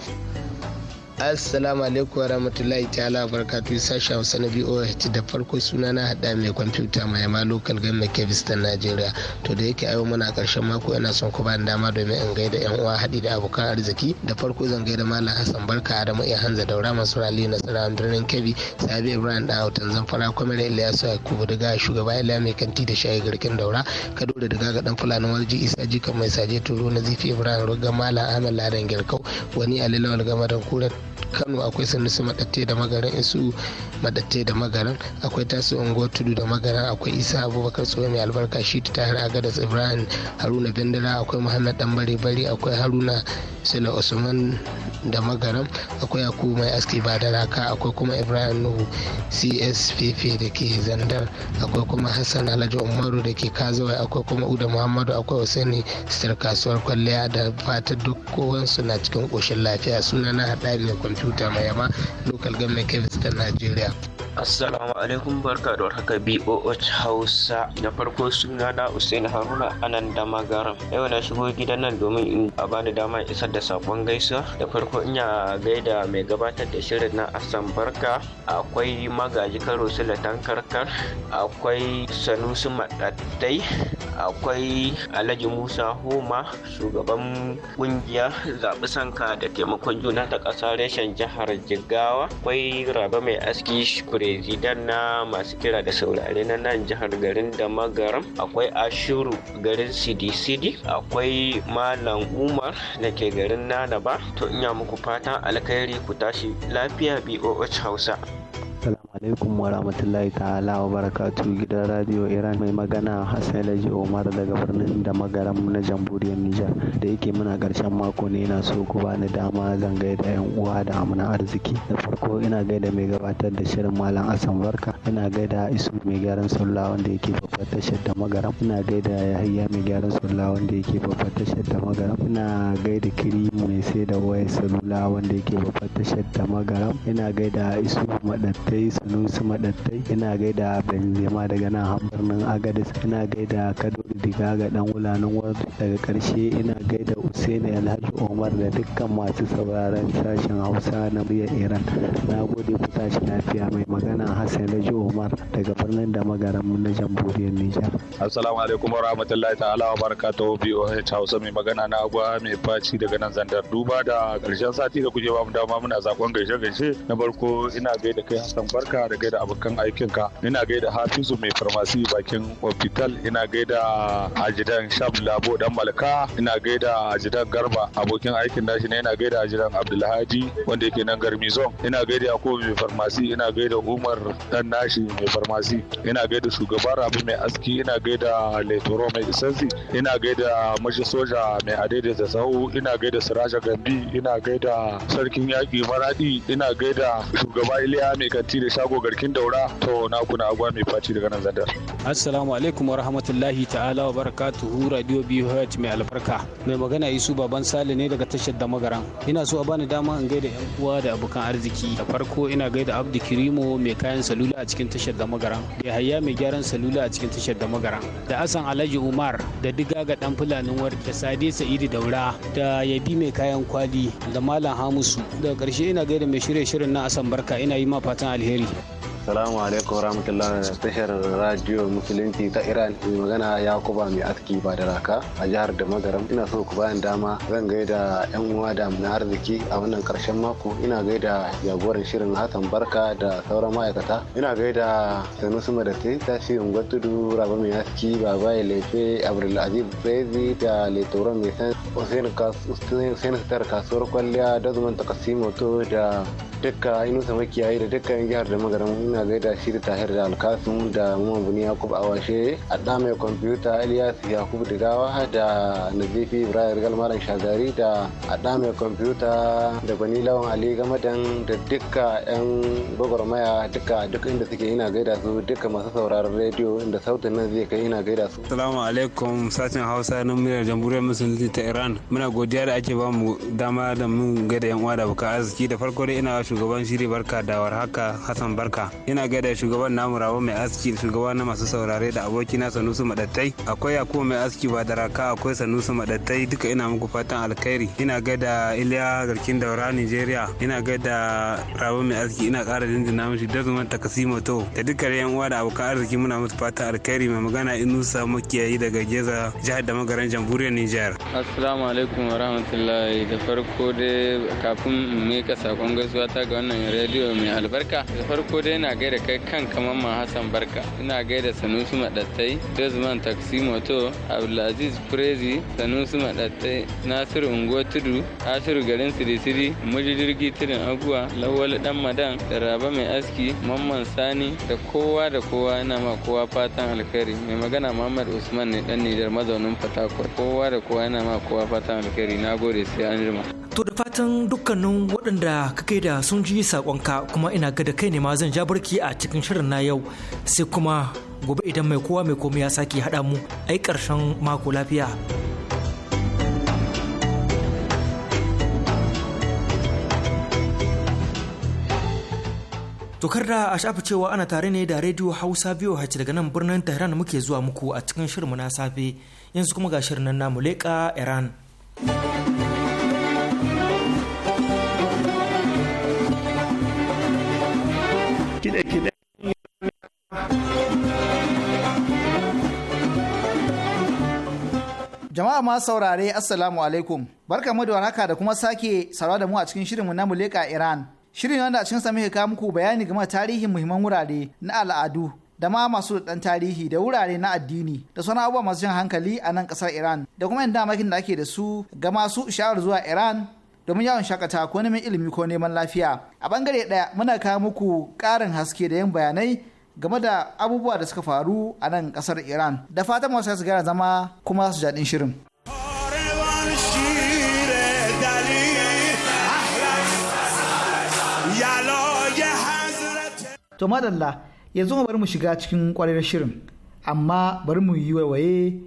assalamu alaikum warahmatullahi ta'ala barkatu sashi hausa na boh da farko suna na hada mai kwamfuta mai ma local government kevistan nigeria to da yake ayo muna karshen mako yana son ku bani dama domin in gaida yan uwa hadi da abokan arziki da farko zan gaida malam hassan barka adamu iya hanza daura masu rali na tsirawan birnin kebbi sabi ibrahim da hautan zamfara kwamar ilyasu yakubu daga shugaba ila mai kanti da shayi garkin daura kado da daga ga dan fulani waje isa jikan mai saje turu na zifi ibrahim ruga malam ahmed ladan girkau wani alilawar gama da kuren kano akwai su madatte da magaran isu madatte da magaran akwai tasu ungo tudu da magaran akwai isa abubakar tsohon mai albarka shi ta tare gadas ibrahim haruna bendera akwai muhammad dan bare bari akwai haruna sila usman da magaram akwai aku mai aski ba da raka akwai kuma ibrahim nuhu cspp da ke zandar akwai kuma hassan alhaji umaru da ke kazawai akwai kuma uda muhammadu akwai usaini sitar kasuwar kwalliya da fata duk kowansu na cikin koshin lafiya suna na haɗari da kwamfuta mai yama local government kevin ta najeriya Assalamu alaikum barka da warhaka BOH Hausa na farko suna na Usain Haruna anan da magaram yau na shigo gidan nan domin in a bani dama isar da sakon gaisuwa da farko ina gaida mai gabatar da shirin na Asan Barka akwai magaji karo silatan tankarkar akwai Sanusi Madattai akwai Alhaji Musa Homa shugaban kungiya zaɓi sanka da taimakon juna ta ƙasa reshen jihar Jigawa akwai Rabe mai aski shukuri rezidan na masu kira da saurare na nan jihar garin da magaram akwai ashuru garin sidisidi akwai malam umar da ke garin nanaba to ina muku fatan alkhairi ku tashi lafiya boh hausa Assalamu alaikum wa rahmatullahi ta'ala wa barakatu gidan Radio Iran mai magana Hassan Laji Omar daga birnin da magaram na jamhuriyar Nijar da yake muna karshen mako ne ina so ku bani dama zan gaida yan uwa da amana arziki da farko ina gaida mai gabatar da shirin Malam Hassan Barka ina gaida Isu mai gyaran sulla wanda yake babbar tashar da magaram ina gaida Yahaya mai gyaran sulla wanda yake babbar tashar da magaram ina gaida Kirimu mai sai da wayar salula wanda yake babbar tashar da magaram ina gaida Isu madan madattai sunusi madattai ina gaida benzema daga nan har nan agadis ina gaida kado diga ga dan wulanin ward daga karshe ina gaida usaini alhaji umar da dukkan masu sauraron sashen hausa na muryar iran na gode ku tashi lafiya mai magana hassan laji umar daga birnin da magaran mu na jamhuriyar nijar assalamu alaikum wa rahmatullahi ta'ala wa barakatuhu boh hausa mai magana na agwa mai faci daga nan zandar duba da karshen sati da kuje ba mu dama muna zakon gaishe gaishe na farko ina gaida kai Hassan Barka da gaida abokan aikinka. Ina gaida Hafizu mai farmasi bakin hospital, ina gaida Ajidan Shab Labo dan Malka, ina gaida Ajidan Garba abokin aikin nashi ne, ina gaida Ajidan Abdulhaji wanda yake nan Garmi Zone, ina gaida Yakubu mai farmasi, ina gaida Umar dan nashi mai farmasi, ina gaida shugaban Rabi mai aski, ina gaida leturo mai isansi, ina gaida Mashi Soja mai da sahu, ina gaida Siraja Gambi, ina gaida Sarkin yaki Maradi, ina gaida shugaba Iliya mai kanti da shago garkin daura to na kuna agwa mai faci daga nan zandar assalamu alaikum wa rahmatullahi ta'ala wa barakatuhu radio BH mai albarka mai magana isu baban sale ne daga tashar da magaran ina so a bani dama in gaida yan uwa da abokan arziki da farko ina gaida abdu kirimo mai kayan salula a cikin tashar da magaran da hayya mai gyaran salula a cikin tashar da magaran da asan alhaji umar da diga ga dan fulanin warki da sade sa'idu daura da yabi mai kayan kwali da malam hamusu daga karshe ina gaida mai shirye shirin na asan barka ina yi ma fatan alheri Assalamu alaikum da tashar radio musulunci ta Iran mai magana Yakuba mai aski ba da raka a jihar da magaram ina so ku bayan dama zan gaida yan uwa da na arziki a wannan karshen mako ina gaida jagoran shirin Hassan Barka da sauran ma'aikata ina gaida Sanusi Madate tashi Ungwa Tudu mai aski Baba Lefe Abdulaziz Bezi da Letoron mai san Hussein kasuwar kwalliya da zuman takasimu da dukkan inusa makiyayi da dukkan jihar da magaram ina gaida shi da tahir da alkasun da muhammadu yakub awashe adda mai kwamfuta ilyas yakubu digawa da nazifi ibrahim galmaran shagari da adda mai kwamfuta da gwani lawan ali gamadan da dukka yan gwagwarmaya duka duk inda suke yana gaida su duka masu sauraron rediyo inda sautin nan zai kai ina gaida su salamu alaikum sashen hausa na muryar jamhuriyar musulunci ta iran muna godiya da ake bamu dama da mun gaida yan uwa da buka arziki da farko dai ina shugaban shiri barka da warhaka hassan barka ina gaida shugaban namu rawo mai aski shugaba na masu saurare da abokina sanusu madattai akwai yakubu mai aski ba da raka akwai sanusu madattai duka ina muku fatan alkhairi ina gaida iliya garkin daura nigeria ina gaida rawo mai aski ina kara jinjina mishi da zuman takasi to da dukkan yan uwa da abokan arziki muna musu fatan alkhairi mai magana inusa makiyayi daga geza jihar da magaran jamhuriyar niger assalamu alaikum wa rahmatullahi da farko dai kafin in mika sakon gaisuwa ta ga wannan rediyo mai albarka da farko dai na gaida kai kanka mamman Hassan Barka ina gaida Sanusi Madattai Desmond Taxi Moto Abdulaziz Prezi Sanusi Madattai Nasiru Ungo Tudu Ashiru Garin Sirisiri jirgi tirin abuwa Lawal Dan Madan da Raba Mai Aski Mamman Sani da kowa da kowa ina ma kowa fatan alkhairi mai magana Muhammad Usman ne dan Nijar mazaunin Fatakwal kowa da kowa ina ma kowa fatan alkhairi gode sai an jima to da fatan dukkanin waɗanda kake da sun ji saƙonka kuma ina ga da kai ne ma zan ja baki a cikin shirin na yau sai kuma gobe idan mai kowa mai komai ya sake haɗa mu ai ƙarshen mako lafiya. Tokar da a shafa cewa ana tare ne da rediyo Hausa biyu VOH daga nan birnin Tehran muke zuwa muku a cikin shirin na safe yanzu kuma ga shirin nan namu leƙa Iran. Jama'a ma saurare Assalamu alaikum. Barka mu da da kuma sake saurara da mu a cikin shirinmu na Muleka Iran. Shirin wanda a cikin sa muke muku bayani game da tarihin muhimman wurare na al'adu da ma masu dan tarihi da wurare na addini da sauran abubuwa masu jan hankali a nan kasar Iran da kuma yin damakin da ake da su ga masu sha'awar zuwa Iran domin yawon shakata ko neman ilimi ko neman lafiya a bangare daya muna kawo muku karin haske da yin bayanai game da abubuwa da suka faru a nan kasar iran da fatan masu su gara zama kuma su jaɗin shirin to madalla yanzu mu bari mu shiga cikin kwarar shirin amma bari mu yi waiwaye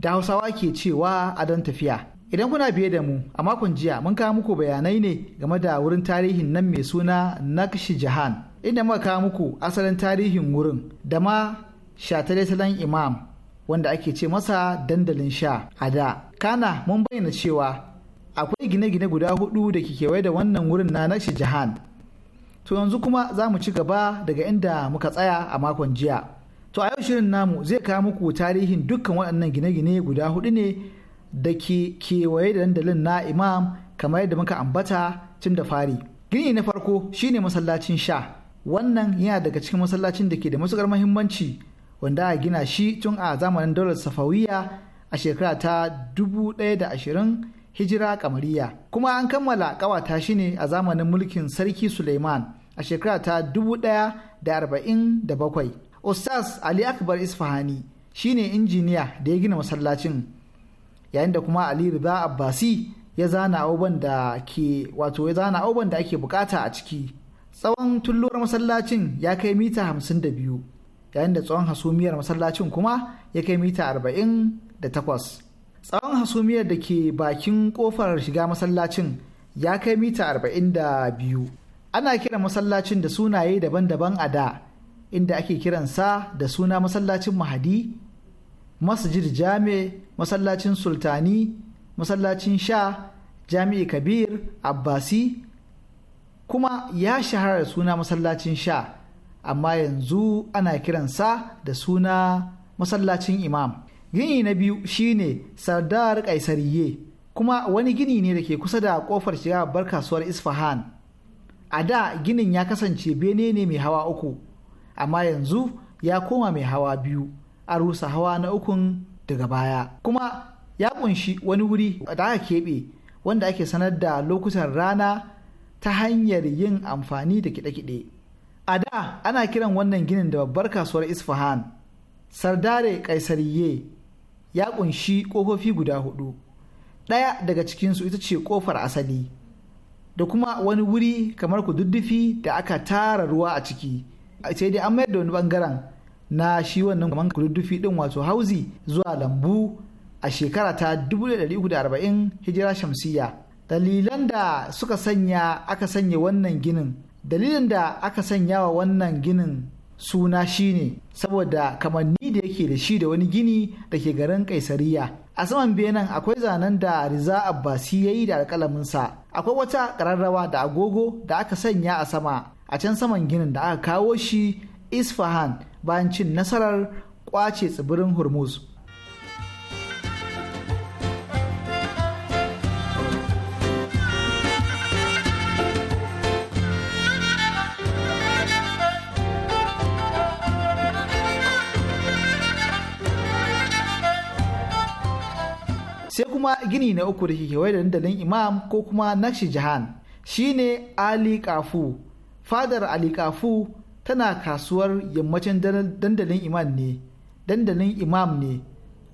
da hausawa ke cewa a don tafiya idan kuna biye da mu a makon jiya mun kawo muku bayanai ne game da wurin tarihin nan mai suna nakshi jahan inda muka kawo muku asalin tarihin wurin da ma shataletalen imam wanda ake ce masa dandalin sha a da kana mun bayyana cewa akwai gine-gine guda hudu da ke kewaye da wannan wurin na nakshi jahan to yanzu kuma za mu ci gaba daga inda muka tsaya a makon jiya to a yau shirin namu zai kawo muku tarihin dukkan waɗannan gine-gine guda hudu ne da ke kewaye da dandalin na imam kamar yadda muka ambata tun da fari gini na farko shine masallacin sha wannan yana daga cikin masallacin da ke da matukar mahimmanci wanda a gina shi tun a zamanin daular safawiya a shekara ta ashirin hijira kamariya kuma an kammala ƙawata shi ne a zamanin mulkin sarki suleiman a shekara ta bakwai. ustaz ali akbar isfahani shine injiniya da ya gina masallacin yayin da kuma ali rida abbasi ya zana auban da ke wato ya zana auban da ake bukata a ciki tsawon tulluwar masallacin ya kai mita hamsin da biyu yayin da tsawon hasumiyar masallacin kuma ya kai mita arba'in da takwas tsawon hasumiyar da ke bakin kofar shiga masallacin ya kai mita arba'in da biyu ana kiran masallacin da sunaye daban-daban a da inda ake kiransa da suna masallacin mahadi masjid jami masallacin sultani masallacin sha jami'i kabir abbasi kuma ya shahara da suna masallacin sha amma yanzu ana kiransa da suna masallacin imam gini na biyu shine sardar kaisariye kuma wani gini ne da ke kusa da kofar shiga babbar kasuwar isfahan a da ginin ya kasance bene ne mai hawa uku amma yanzu ya koma mai hawa biyu a rusa hawa na ukun daga baya kuma ya kunshi wani wuri da aka keɓe wanda ake sanar da lokutan rana ta hanyar yin amfani da kiɗe-kiɗe a da ana kiran wannan ginin da babbar kasuwar isfahan sardare kaisariye ya kunshi ƙofofi guda hudu ɗaya daga cikinsu ita ce ƙofar asali da kuma wani wuri kamar kududdufi da aka tara ruwa a ciki sai dai an mayar da wani bangaren na shi wannan kaman kududdufi din wato hauzi zuwa lambu a shekara ta 1340 hijira shamsiya dalilan da suka sanya aka sanya wannan ginin dalilin da aka sanya wa wannan ginin suna shine saboda kamanni da yake da shi da wani gini da ke garin kaisariya a saman benin akwai zanen da riza abbasi ya yi da alkalaminsa akwai wata ƙararrawa da agogo da aka sanya a sama a can saman ginin da aka kawo shi isfahan bayan cin nasarar kwace tsibirin hormuz sai kuma gini na uku da ke da dandalin imam ko kuma nakshi jahan shine ali kafu fadar ali kafu tana kasuwar yammacin dandalin imam ne dandalin imam ne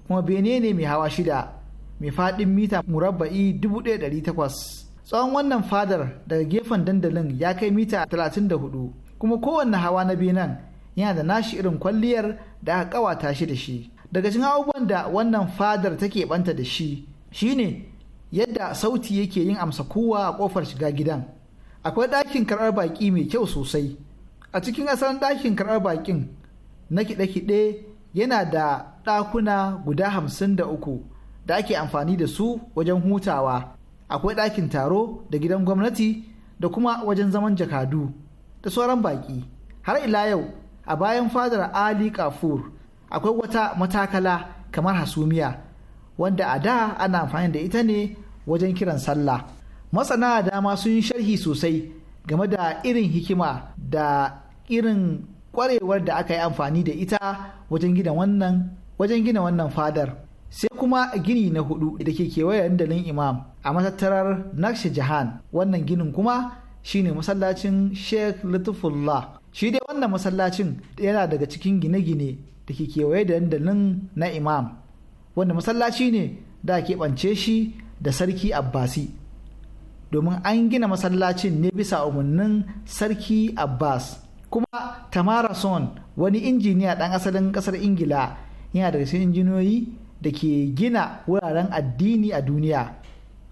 kuma bene ne mai hawa shida mai faɗin mita murabba'i 1,800 tsawon wannan fadar daga gefen dandalin ya kai mita 34 kuma kowanne hawa na benen yana da nashi irin kwalliyar da aka kawata shi da shi daga cikin abubuwan da wannan fadar take banta da shi shine yadda sauti yake yin amsa kowa a kofar shiga gidan akwai ɗakin karɓar baƙi mai kyau sosai a cikin asalin ɗakin karar bakin na kiɗe-kiɗe yana da ɗakuna guda hamsin da uku da ake amfani da su wajen hutawa akwai ɗakin taro da gidan gwamnati da kuma wajen zaman jakadu da sauran baƙi har ila yau a bayan fadar ali kafur akwai wata matakala kamar hasumiya wanda a da ana amfani da ita ne wajen kiran sallah masana dama sun yi sharhi sosai game da irin hikima da irin kwarewar da aka yi amfani da ita wajen gina wannan wajen gina wannan fadar sai kuma gini na hudu da ke kewayen dalin imam a matattarar nakshi jahan wannan ginin kuma shine masallacin sheikh LutufuLLah. shi dai wannan masallacin yana daga cikin gine-gine da ke kewaye da dandalin na imam wanda masallaci ne da keɓance shi da sarki abbasi domin an gina masallacin ne bisa umarnin sarki abbas kuma tamara son wani injiniya ɗan asalin ƙasar ingila yana da cikin injiniyoyi da ke gina wuraren addini a duniya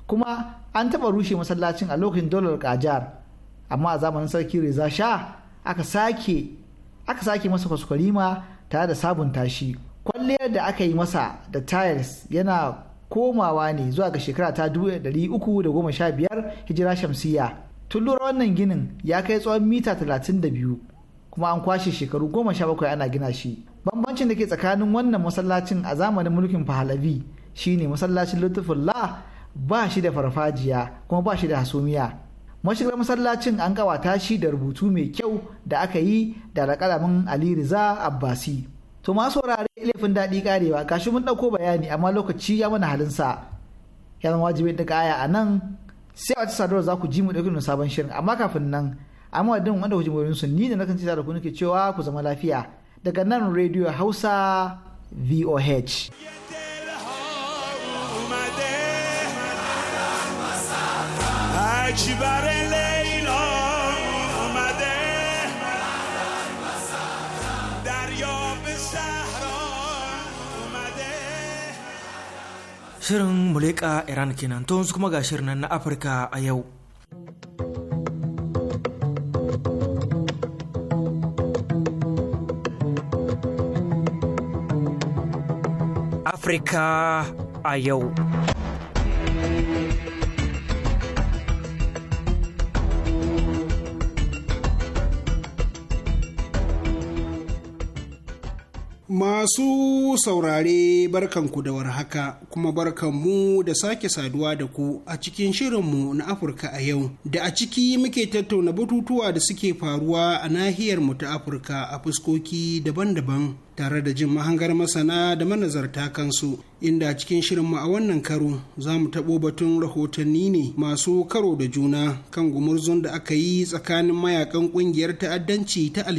kuma an taɓa rushe masallacin a lokacin dolar kajar amma a zamanin sarki reza sha aka sake aka sake masa kwaskwarima tare da sabunta shi kwalliyar da aka yi masa da tiles yana komawa ne zuwa ga shekara ta 315 hijira shamsiya tun lura wannan ginin ya kai tsawon mita 32 kuma an kwashe shekaru 17 ana gina shi bambancin da ke tsakanin wannan masallacin a zamanin mulkin shi shine masallacin lutfullah ba shi da farfajiya kuma ba shi da hasumiya mashigar masallacin an kawata shi da rubutu mai kyau da aka yi da alƙalamin ali riza abbasi To ma saurare laifin daɗi karewa gashi mun ɗauko bayani amma lokaci ya mana halinsa. Ya zama wajibi da aya a nan sai a wata sadarwa za ku ji mu ɗauki sabon shirin amma kafin nan amma din wanda ku hujjimorin su ni da nakan ci da ku nake cewa ku zama lafiya daga nan rediyo Hausa VOH. هرچی Shirin Muleka Iran kenan to kuma ga shirin na Afirka a yau. Afirka a yau. Masu saurare barkanku da warhaka kuma barkanmu da sake saduwa da ku a cikin shirinmu na Afirka a yau da a ciki muke tattauna batutuwa da suke faruwa a nahiyar mu ta Afirka a fuskoki daban-daban tare da jin mahangar masana da manazarta kansu inda a cikin shirinmu a wannan karo za mu taɓo batun rahotanni ne masu karo da juna kan gumurzun da aka yi tsakanin mayakan ƙungiyar ta'addanci ta al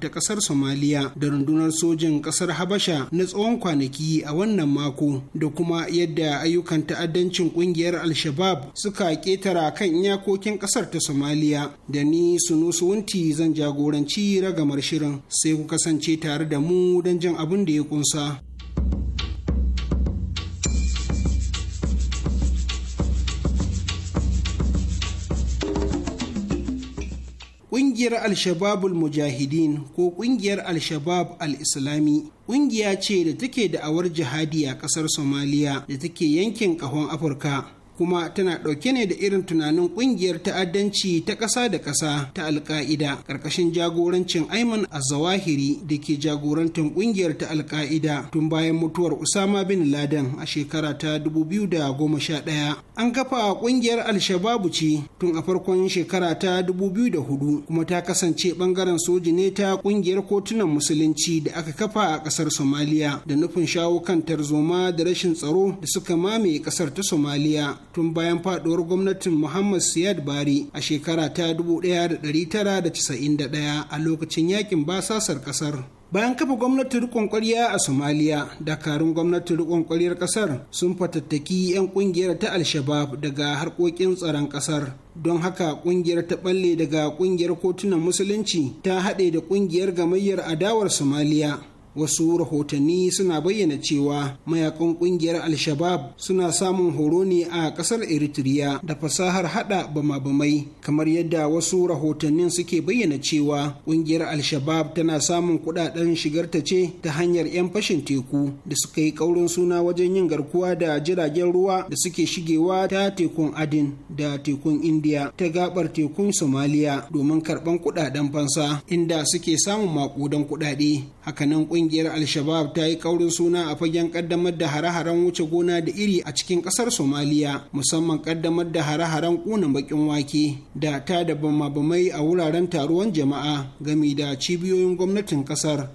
ta ƙasar somaliya da rundunar sojin ƙasar habasha na tsawon kwanaki a wannan mako da kuma yadda ayyukan ta'addancin kungiyar al-shabab suka ketara kan iyakokin kasar ta somaliya da ni sunusu wunti zan jagoranci ragamar shirin sai ku kasance tare da mu don jin abin da ya kunsa. Ƙungiyar Al-Shababul ko ƙungiyar al Al-Islami ƙungiya ce da take da'awar jihadi a ƙasar Somaliya da take yankin ƙahon Afirka. kuma tana ɗauke ne da irin tunanin ƙungiyar ta'addanci ta ƙasa da ƙasa ta alƙa'ida ƙarƙashin jagorancin aiman azawahiri da ke jagorantar ƙungiyar ta alka'ida tun bayan mutuwar usama bin laden a shekara ta 2011 an kafa ƙungiyar alshababu ce tun a farkon shekara ta 2004 kuma ta kasance ɓangaren soji ne ta ƙungiyar kotunan musulunci da aka kafa a ƙasar somaliya da nufin shawo kan tarzoma da rashin tsaro da suka mame ƙasar ta somaliya tun bayan faduwar gwamnatin Muhammad Siyad Bari a shekara ta 1991 a lokacin yakin basasar kasar. bayan kafa gwamnatin rikon kwarya a somalia dakarun gwamnatin rikon kwaryar ƙasar sun fatattaki 'yan ƙungiyar ta al shabaab daga harkokin tsaron ƙasar don haka ƙungiyar ta ɓalle daga ƙungiyar kotunan musulunci ta haɗe da ƙungiyar gamayyar adawar somaliya wasu rahotanni suna bayyana cewa mayakan kungiyar al-shabab suna samun horo ne a kasar eritrea da fasahar hada bama-bamai kamar yadda wasu rahotannin suke bayyana cewa kungiyar al-shabab tana samun kudaden shigar ta ce ta hanyar 'yan fashin teku da suka yi kaurin suna wajen yin garkuwa da jiragen ruwa da suke shigewa ta tekun adin da tekun indiya ta gabar tekun somaliya domin karban kudaden fansa inda suke samun makudan kudade hakanan ƙungiyar al-shabab ta yi kaurin suna a fagen ƙaddamar da hare-haren wuce gona da iri a cikin ƙasar somaliya musamman ƙaddamar da hare-haren ƙuna baƙin wake da ta da bamabamai a wuraren taruwan jama'a gami da cibiyoyin gwamnatin ƙasar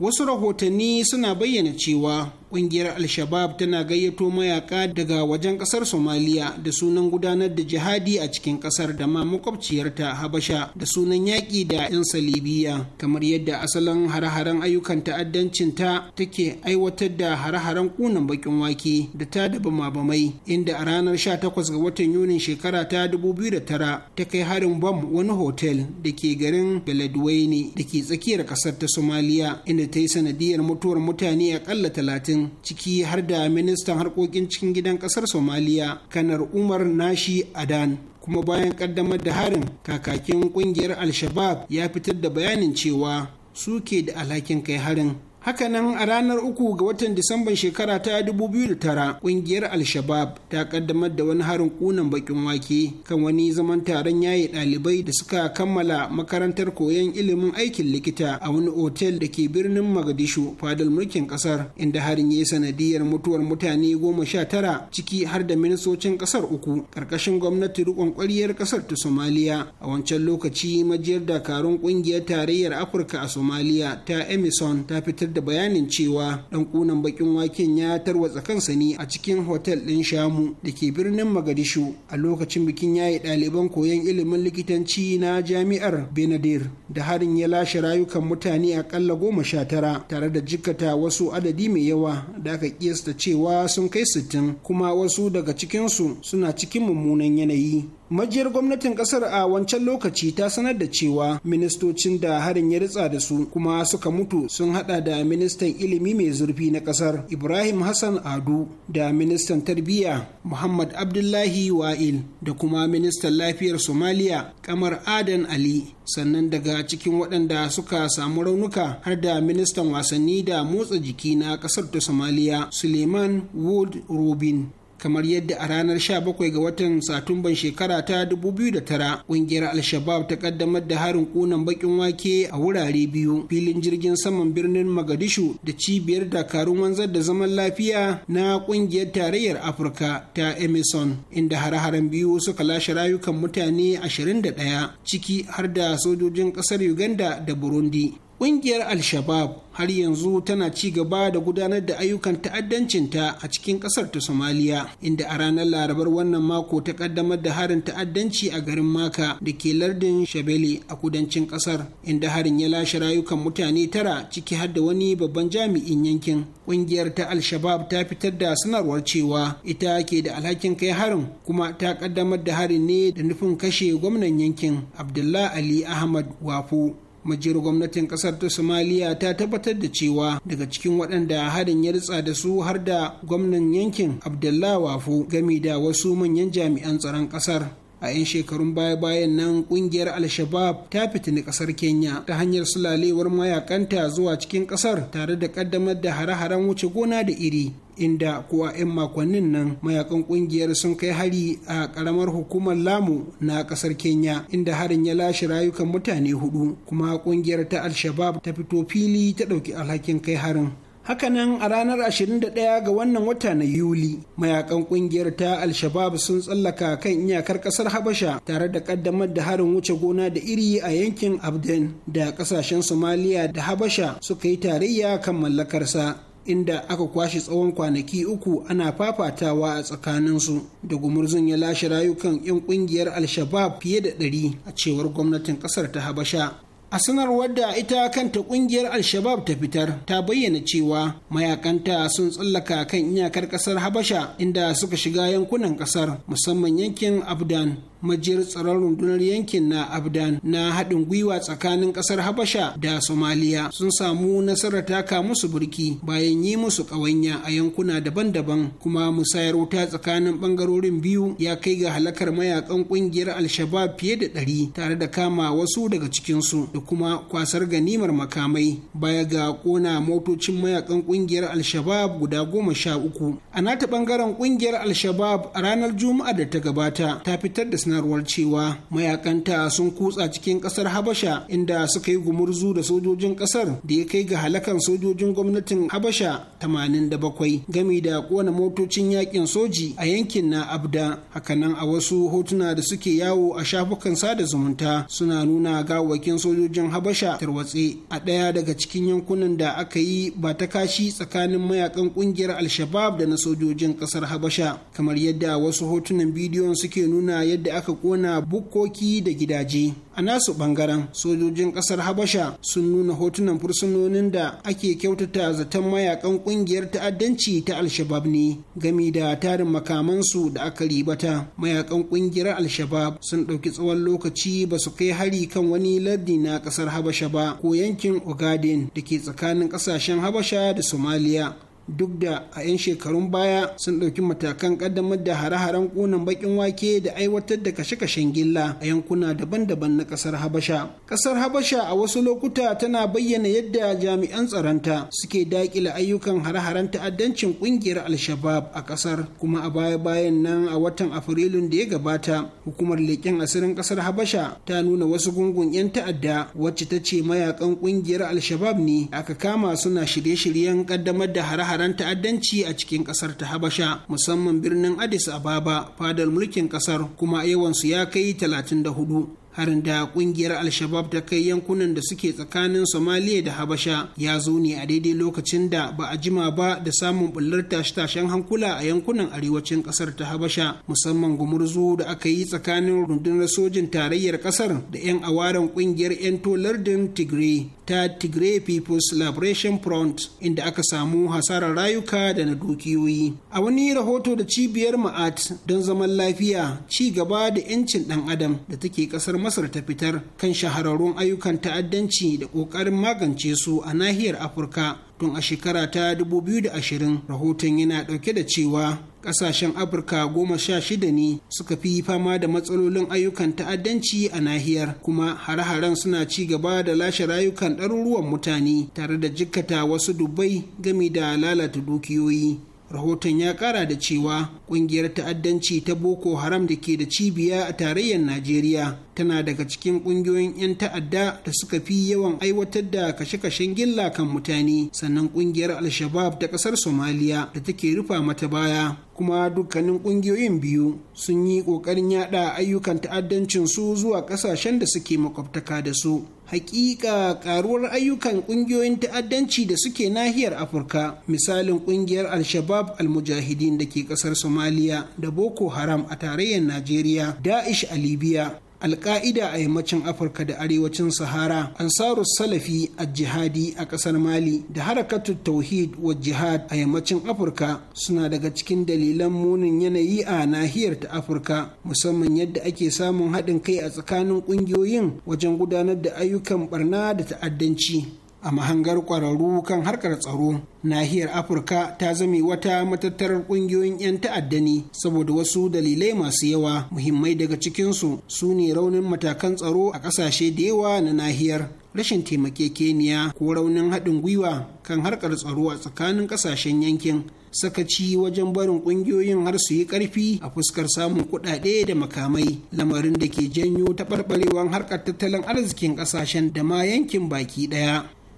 wasu rahotanni suna bayyana cewa kungiyar al-shabab tana gayyato mayaka daga wajen kasar somaliya da sunan gudanar da jihadi a cikin kasar da ma makwabciyarta habasha da sunan yaƙi da 'yan salibiya kamar yadda asalin har haren ayyukan ta'addancin ta take aiwatar da hare-haren kunan bakin wake da ta daba bama-bamai inda a ranar 18 ga watan yunin shekara ta 2009 ta kai harin bam wani hotel da ke garin galadwayne da ke tsakiyar kasar ta somaliya inda ta yi sanadiyar mutuwar mutane akalla talatin ciki har da ministan harkokin cikin gidan kasar somaliya kanar umar nashi adan kuma bayan kaddamar da harin kakakin kungiyar al-shabab ya fitar da bayanin cewa su ke da alhakin kai harin Hakanan a ranar uku ga watan Disamban shekara ta 2009 kungiyar Al-Shabab ta kaddamar da wani harin kunan bakin wake kan wani zaman taron yaye ɗalibai da suka kammala makarantar koyon ilimin aikin likita a wani otel da ke birnin Magadishu fadal mulkin kasar inda harin ya sanadiyar mutuwar mutane goma sha tara ciki har da ministocin kasar uku karkashin gwamnati rikon kwaliyar kasar ta Somaliya a wancan lokaci majiyar dakarun kungiyar tarayyar Afirka a Somaliya ta Emison ta fitar da bayanin cewa dan kunan bakin waken ya tarwatsa kansa ne a cikin hotel ɗin shamu da ke birnin magadishu a lokacin bikin yayi ɗaliban koyon ilimin likitanci na jami'ar benadir da harin ya lashe rayukan mutane akalla goma sha tara tare da jikkata wasu adadi mai yawa da aka kiyasta cewa sun kai sittin kuma wasu daga cikinsu suna cikin mummunan yanayi majiyar gwamnatin kasar a wancan lokaci ta sanar da cewa ministocin da harin ya ritsa da su kuma suka mutu sun hada da ministan ilimi mai zurfi na kasar ibrahim hassan adu da ministan tarbiyya muhammad abdullahi wa'il da kuma ministan lafiyar somaliya kamar adan ali sannan daga cikin waɗanda suka samu raunuka har da ministan wasanni da motsa jiki na kasar ta somaliya suleiman wood robin kamar yadda a ranar 17 ga watan satumban shekara ta 2009 kungiyar al-shabab ta kaddamar da harin kunan bakin wake a wurare biyu filin jirgin saman birnin magadishu da cibiyar dakarun wanzar da zaman lafiya na kungiyar tarayyar afirka ta emerson inda hare-haren biyu suka lashe rayukan mutane 21 ciki har da sojojin kasar uganda da burundi Ƙungiyar Al-Shabab har yanzu tana ci gaba da gudanar da ayyukan ta'addancinta a cikin ƙasar ta Somaliya, inda a ranar Larabar wannan mako ta ƙaddamar da harin ta'addanci a garin Maka da ke lardin Shabele a kudancin ƙasar, inda harin ya lashe rayukan mutane tara ciki har da wani babban jami'in yankin. Ƙungiyar ta Al-Shabab ta fitar da sanarwar cewa ita ke da alhakin kai harin kuma ta ƙaddamar da harin ne da nufin kashe gwamnan yankin Abdullah Ali Ahmad Wafo. majiyar gwamnatin kasar ta somaliya ta tabbatar da cewa daga cikin waɗanda harin ya ritsa da su har da gwamnan yankin abdullah wafo gami da wasu manyan jami'an tsaron kasar a 'yan shekarun baya-bayan nan kungiyar al-shabab ta fitini kasar kenya ta hanyar sulalewar mayakanta zuwa cikin kasar tare da kaddamar da hare-haren wuce gona da iri inda ko a 'yan makonnin nan mayakan kungiyar sun kai hari a karamar hukumar lamu na kasar kenya inda harin ya lashe rayukan mutane hudu kuma kungiyar ta al-shabab ta fito fili ta dauki alhakin kai harin Hakanan a ranar 21 ga wannan wata na Yuli, mayakan kungiyar ta Al-Shabab sun tsallaka kan iyakar kasar Habasha tare da kaddamar da harin wuce gona da iri a yankin Abden da kasashen Somaliya da Habasha suka yi tarayya kan mallakarsa. inda aka kwashe tsawon kwanaki uku ana fafatawa a tsakaninsu da gumurzun ya lashe rayukan 'yan kungiyar al-shabab fiye da ɗari a cewar gwamnatin ƙasar ta habasha a sanarwar da ita kanta kungiyar al-shabab ta fitar ta bayyana cewa mayakanta sun tsallaka kan iyakar kasar habasha inda suka shiga yankunan kasar musamman yankin abdan majiyar tsaron rundunar yankin na abdan na haɗin gwiwa tsakanin ƙasar habasha da somaliya sun samu nasarar taka musu burki bayan yi musu ƙawanya a yankuna daban-daban kuma musayar wuta tsakanin ɓangarorin biyu ya kai ga halakar mayakan ƙungiyar alshabab fiye da ɗari tare da kama wasu daga cikinsu da kuma kwasar ganimar makamai baya ga ƙona motocin mayakan ƙungiyar alshabab guda goma sha uku a nata ɓangaren ƙungiyar alshabab a ranar juma'a da ta gabata ta fitar da sanarwar cewa mayakanta sun kutsa cikin kasar habasha inda suka yi gumurzu da sojojin kasar da ya kai ga halakan sojojin gwamnatin habasha 87 gami da kona motocin yakin soji a yankin na abda hakanan a wasu hotuna da suke yawo a shafukan sada zumunta suna nuna gawakin sojojin habasha tarwatse a ɗaya daga cikin yankunan da aka yi ba ta kashi tsakanin mayakan kungiyar Alshabab da na sojojin kasar habasha kamar yadda wasu hotunan bidiyon suke nuna yadda aka kona bukkoki da gidaje a nasu ɓangaren. sojojin ƙasar habasha sun nuna hotunan fursunonin da ake kyautata zaton mayakan ƙungiyar ta'addanci ta alshabab ne gami da tarin makamansu da aka ribata mayakan kungiyar alshabab sun ɗauki tsawon lokaci ba su kai hari kan wani lardi na ƙasar habasha ba ko yankin ogaden da ke tsakanin ƙasashen habasha da somaliya duk da a 'yan shekarun baya sun ɗauki matakan ƙaddamar da hare-haren ƙunan baƙin wake da aiwatar da kashe-kashen gilla a yankuna daban-daban na ƙasar habasha ƙasar habasha a wasu lokuta tana bayyana yadda jami'an tsaronta suke daƙile ayyukan hare-haren ta'addancin ƙungiyar al-shabab a ƙasar kuma a baya-bayan nan a watan afrilun da ya gabata hukumar leƙen asirin ƙasar habasha ta nuna wasu gungun 'yan ta'adda wacce ta ce mayakan ƙungiyar al-shabab ne aka kama suna shirye-shiryen ƙaddamar da hare hare-haren ta'addanci a cikin kasar ta habasha musamman birnin addis ababa fadar mulkin kasar kuma yawansu ya kai 34 harin da kungiyar al-shabab ta kai yankunan da suke tsakanin somaliya da habasha ya zo ne a daidai lokacin da ba a jima ba da samun bullar tashe-tashen hankula a yankunan arewacin kasar ta habasha musamman gumurzu da aka yi tsakanin rundunar sojin tarayyar kasar da 'yan awaren kungiyar 'yan tolardin tigray ta tigray people's liberation front inda aka samu hasarar rayuka da na dukiyoyi a wani rahoto da cibiyar ma'at don zaman lafiya ci gaba da 'yancin dan adam da take kasar masar ta fitar kan shahararrun ayyukan ta'addanci da ƙoƙarin magance su a nahiyar afirka tun a shekara ta 2020 rahoton yana ɗauke da cewa ƙasashen afirka goma sha shida ne suka fi fama da matsalolin ayyukan ta'addanci a nahiyar kuma hare-haren suna ci gaba da lashe rayukan ɗaruruwan mutane tare da jikkata wasu dubbai gami da lalata dukiyoyi rahoton ya kara da cewa kungiyar ta'addanci ta boko haram da ke da cibiya a tarayyar najeriya tana daga cikin kungiyoyin 'yan ta'adda da suka fi yawan aiwatar da kashe-kashen gilla kan mutane sannan kungiyar alshabab shabab ta kasar somaliya da take rufa mata baya kuma dukkanin kungiyoyin biyu sun yi kokarin yada ayyukan ta'addancin su zuwa ƙasashen da suke makwabtaka da su hakika karuwar ayyukan kungiyoyin ta'addanci da suke nahiyar afirka misalin kungiyar al-shabab al-mujahidin da ke ƙasar somaliya da boko haram a tarayyar najeriya da'ish a libya Alƙa'ida a yammacin afirka da arewacin sahara ansarus salafi a jihadi a ƙasar mali da harakatu tauhid wa jihad a yammacin afirka suna daga cikin dalilan munin yanayi a nahiyar ta afirka musamman yadda ake samun haɗin kai a tsakanin ƙungiyoyin wajen gudanar da ayyukan barna da ta'addanci a mahangar kwararru kan harkar tsaro nahiyar afirka ta zame wata matattarar ƙungiyoyin 'yan ta'adda ne saboda wasu dalilai masu yawa muhimmai daga cikinsu su ne raunin matakan tsaro a ƙasashe da yawa na nahiyar rashin taimake taimakekeniya ko raunin haɗin gwiwa kan harkar tsaro a tsakanin ƙasashen yankin sakaci wajen barin ƙungiyoyin har su yi ƙarfi a fuskar samun kuɗaɗe da makamai lamarin da ke janyo taɓarɓarewar harkar tattalin arzikin ƙasashen da ma yankin baki ɗaya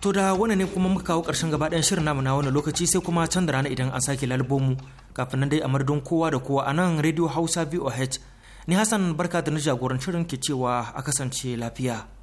To da wannan ne kuma muka kawo ƙarshen gaba ɗayan shirin namu na wani lokaci sai kuma can da rana idan an sake mu kafin nan dai a madadin kowa da kowa a nan Radio Hausa VOH. Ni Hassan barka da na jagorancin ke cewa a kasance lafiya.